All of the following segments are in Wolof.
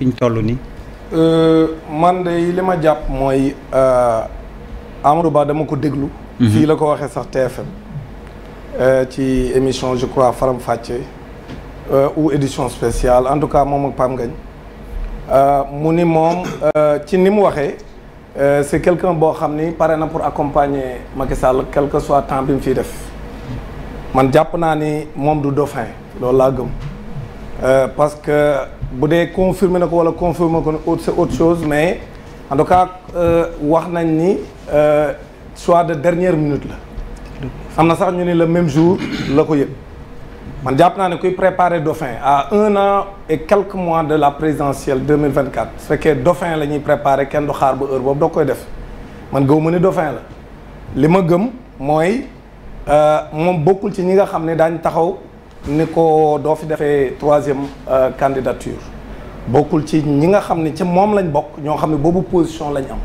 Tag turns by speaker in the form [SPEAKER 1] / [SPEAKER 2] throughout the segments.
[SPEAKER 1] fi ñu toll nii. Euh, man de li ma jàpp mooy euh, Amadou Ba dama ko déglu. Mhm. fii la ko waxee sax TFM. Euh, ci émission je crois Faram Facce ou édition spéciale en tout cas moom ak Pam Gagne mu ni moom ci ni mu waxee c'est quelqu'un boo xam ni pare na pour accompagner Macky Sall soit temps bi mu fiy def man jàpp naa ni moom du dauphin loolu laa gëm. Euh, parce que bu dee confirmer na ko wala confirmer ko autre c'est autre chose mais en tout cas euh, wax nañ ni soit euh, de dernière minute la am na sax ñu ni le même jour la ko yëg man jàpp naa ne kuy préparer dauphin à un an et quelques mois de la présidentielle 2024 su fekkee dauphin la ñuy préparer kenn du xaar ba heure boobu doo koy def man gëw ma ni dauphin la li ma gëm mooy moom bokkul ci ñi nga xam ne daañ taxaw ni ko doo fi defee troisième euh, candidature bokkul ci ñi nga xam ne ci moom lañ bokk ñoo xam ne boobu position lañu am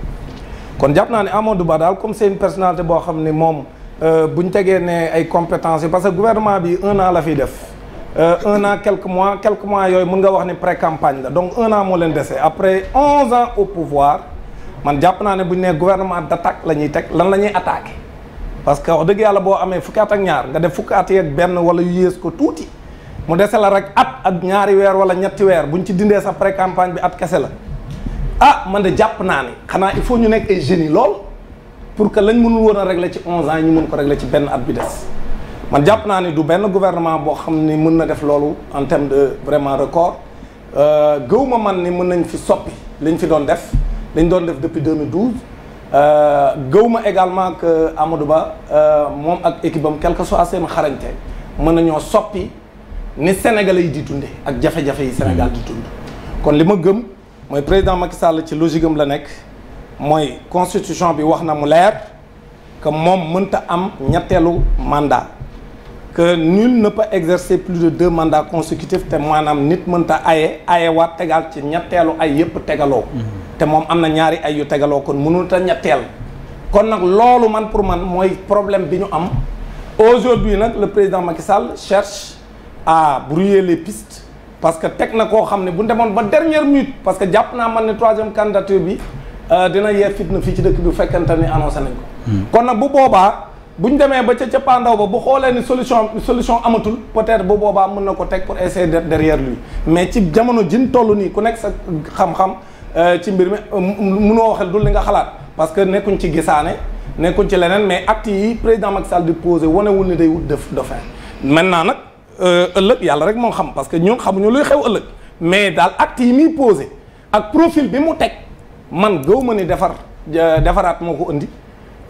[SPEAKER 1] kon jàpp naa ne Amadou Ba daal comme seen une boo xam ne moom euh, bu ñu tegee ne ay compétences yi parce que gouvernement bi un an la fiy def euh, un an quelques mois quelques mois yooyu mun nga wax ne pré-campagne la donc un an moo leen dese après onze ans au pouvoir man jàpp naa ne bu ñu nee gouvernement d'attaque la ñuy teg lan la ñuy attaquer parce que wax dëgg yàlla boo amee fukki at ak ñaar nga def fukki at yeeg benn wala yu yées ko tuuti mu dese la rek at ak ñaari weer wala ñetti weer bu ñu ci dindee sa pré campagne bi at kese la ah man de jàpp naa ni xanaa il faut ñu nekk ay génie lool pour que lañ mënul woon a régler ci 11 ans ñu mun ko régler ci benn at bi des man jàpp naa ni du benn gouvernement boo xam ni mën na def loolu en terme de vraiment record euh, gëw ma man ni mën nañ fi soppi liñ fi doon def lañ doon def depuis 2012. Euh, gëw ma également que Amadou Ba euh, moom ak équipe am quelque soit seen xarañte mën nañoo soppi ni Sénégalais yi di dunde ak jafe-jafe yi Sénégal di dund. kon li ma gëm mooy président Macky Sall ci logique am la nekk mooy constitution bi wax na mu leer que moom mënta am ñetteelu mandat. que nu ne peut exercer plus de deux mandats consécutifs te maanaam nit mënta aye ayewaat tegal ci ñetteelu ay yëpp tegaloo. Mm-hmm. te moom am na ñaari ay yu tegaloo kon mënul ta ñetteel kon nag loolu man pour man mooy problème bi ñu am aujourd'hui nag le président Macky Sall cherche à brouiller les pistes parce que teg na koo xam ne bu ñu demoon ba dernière minute parce que jàpp naa man ne troisième candidature bi euh, dina yeer na fii ci dëkk bi fekkante ni annoncé nañ ko hmm. kon nag bu boobaa bu ñu demee ba ca cappaandaw ba bu xoolee ni solution solution amatul peut-être bu boobaa mën na ko teg pour essayer derrière lui mais ci jamono jin toll nii ku nekk sa xam Euh, ci mbir mi um, um, munoo waxal dul li nga xalaat parce que nekkuñ ci gisaane nekkuñ ci leneen mais acte yi président Macky Sall di posé wanewul ni day wut def dauphin maintenant nag euh, ëllëg yàlla rek moo xam parce que ñun xamuñu luy xew ëllëg mais daal acte yi muy posé ak profil bi mu teg man gëw ma ni defar defaraat moo ko indi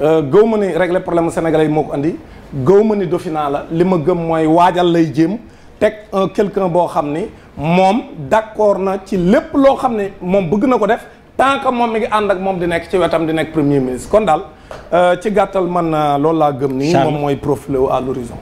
[SPEAKER 1] euh, gëw ma ni régler problème sénégalais yi moo ko indi gëw ma ni dauphinat la li ma gëm mooy waajal lay jéem teg un quelqu'un boo xam ni moom d'accord na ci lépp loo xam ne moom bëgg na ko def tant que moom mi ngi ànd ak moom di nekk ci wetam di nekk premier ministre kon daal euh, ci gàttal man euh, loolu laa gëm ni moom mooy profilé wu à l'horizon